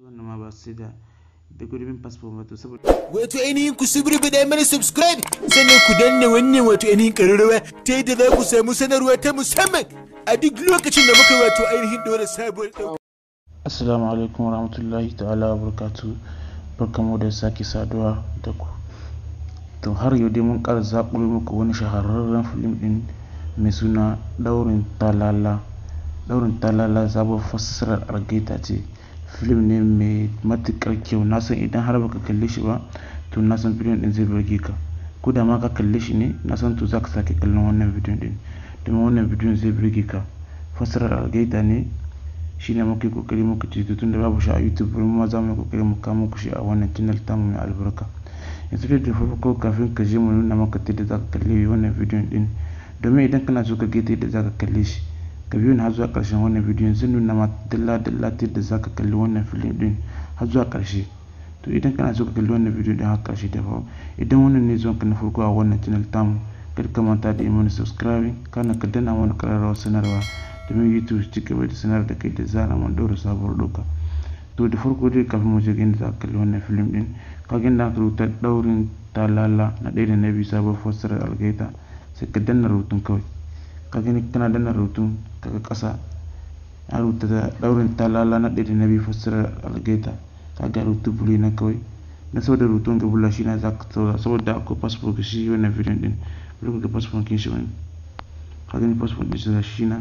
wannan ma ba da da gurbin passport wato saboda wato ainihin ku subscribe da mana subscribe sannan ku danne wannan wato ainihin kararrawa ta yadda za ku samu sanarwa ta musamman a duk lokacin da muka wato ainihin dora sabuwar dauka assalamu alaikum warahmatullahi ta'ala wabarakatuh barkamu da sake saduwa da ku to har yau dai mun kara zaɓulo muku wani shahararren film ɗin mai suna daurin talala daurin talala sabon fassarar argeta ce Film ne mai matuƙar kyau. Na san idan har baka kalli shi ba to na san bidiyon din zai burge ka. Ko da ma ka kalle shi ne na san to za sake kallon wannan bidiyon ɗin domin wannan bidiyon zai burge ka. Fassarar algaita ne shine ne muke kokari muka ceto tunda babu shi a YouTube mu ma za mu yi kokari mu kawo muku shi a wannan channel tamu mai albarka. Yanzu dai da farko kafin ka je mu nuna maka ta yadda za ka kalli wannan bidiyon din domin idan kana so ka ga ta yadda za ka kalle shi ka biyu ni har zuwa ƙarshen wannan bidiyon zan nuna ma dalla dalla ta yadda za ka kalli wannan filin ɗin har zuwa ƙarshe to idan kana so ka kalli wannan bidiyon din har ƙarshe da fa idan wannan ne zuwan ka na farko a wannan channel tamu kar ka manta da imanin subscribing kana ka danna mana ƙararrawar sanarwa domin youtube ci gaba da sanar da kai da zara mun ɗaura sabuwar ɗauka to da farko dai kafin mu je inda za ka kalli wannan filin ɗin ka ga inda aka rubuta ɗaurin talala na ɗaya da na biyu sabon fassarar algaita sai ka danna rubutun kawai kaga tana danna rubutu daga ƙasa na rubuta da ɗaurin talala na ɗaya na biyu fassarar algeta kaga rubutu bulu na kawai na saboda rubutun ga bula shi na za ka saura saboda akwai fasfo ga shi wannan bidiyon din bulu ga fasfo kin shi wani kaga ni fasfo ɗin shi shi na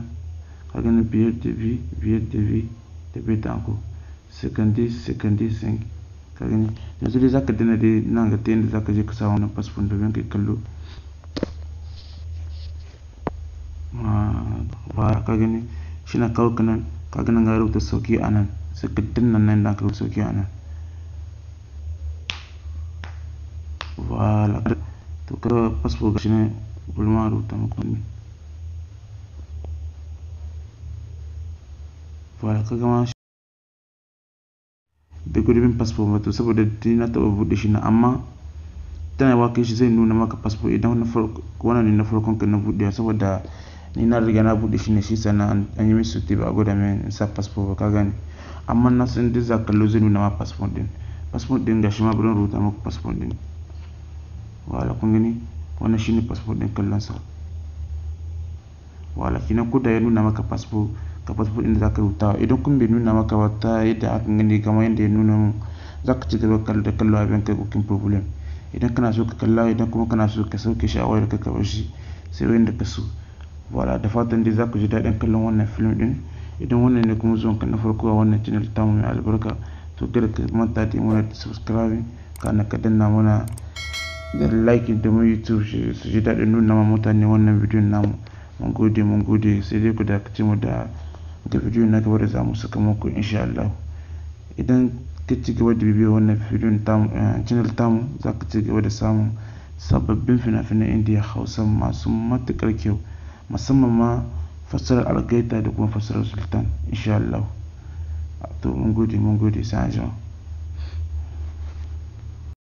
kaga ni biyar da biyu biyar da biyu da biyu da ko sekandi sekandi sink kaga ni yanzu dai za ka dana dai nan ga ta yadda za ka je ka samu wannan fasfo domin kai kallo fara ka gani shi na kawo ka nan ka ga ga rubuta sauki a nan sai ka danna nan da aka rubuta sauki a nan wala to ka fasfo ga shi ne bulma rubuta makonni ne wala ka gama shi da gurbin fasfo ba to saboda na taɓa buɗe shi na amma tana wa kai shi zai nuna maka fasfo idan na farko wannan ne na farkon ka na buɗe saboda ni na riga na buɗe shi ne shi sannan an yi min tebe ba a gwada min in sa fasfo ba ka gane amma na sun duk za kallo zai nuna ma fasfo din fasfo din ga shi ma bari rubuta muku fasfo din wala kun gani wannan ne fasfo din kallon sa wala kinan ko da ya nuna maka fasfo ka fasfo din da zaka rubuta idan kun bai nuna maka ba ta yadda aka gani kamar yadda ya nuna mun ka ci gaba da kallo abin kai kokin problem idan kana so ka kalla idan kuma kana so ka sauke shi a wayar ka ka bar shi sai wayar da ka so wala da fatan dai za ku ji daɗin kallon wannan film din idan wannan ne kuma zuwan na farko a wannan channel ta mai albarka to kada ka manta da mana a subscribing kana ka danna mana da like domin youtube su ji daɗin nuna ma mutane wannan bidiyon namu mun gode mun gode sai dai ku dakace mu da ga video na gaba da zamu saka muku insha Allah idan ka ci gaba da bibiyar wannan bidiyon tamu channel tamu za ka ci gaba da samun sababbin fina-finan indiya hausa masu matukar kyau مسمى ما فسر على كيتا دوك السلطان ان شاء الله تو مونغودي مونغودي سان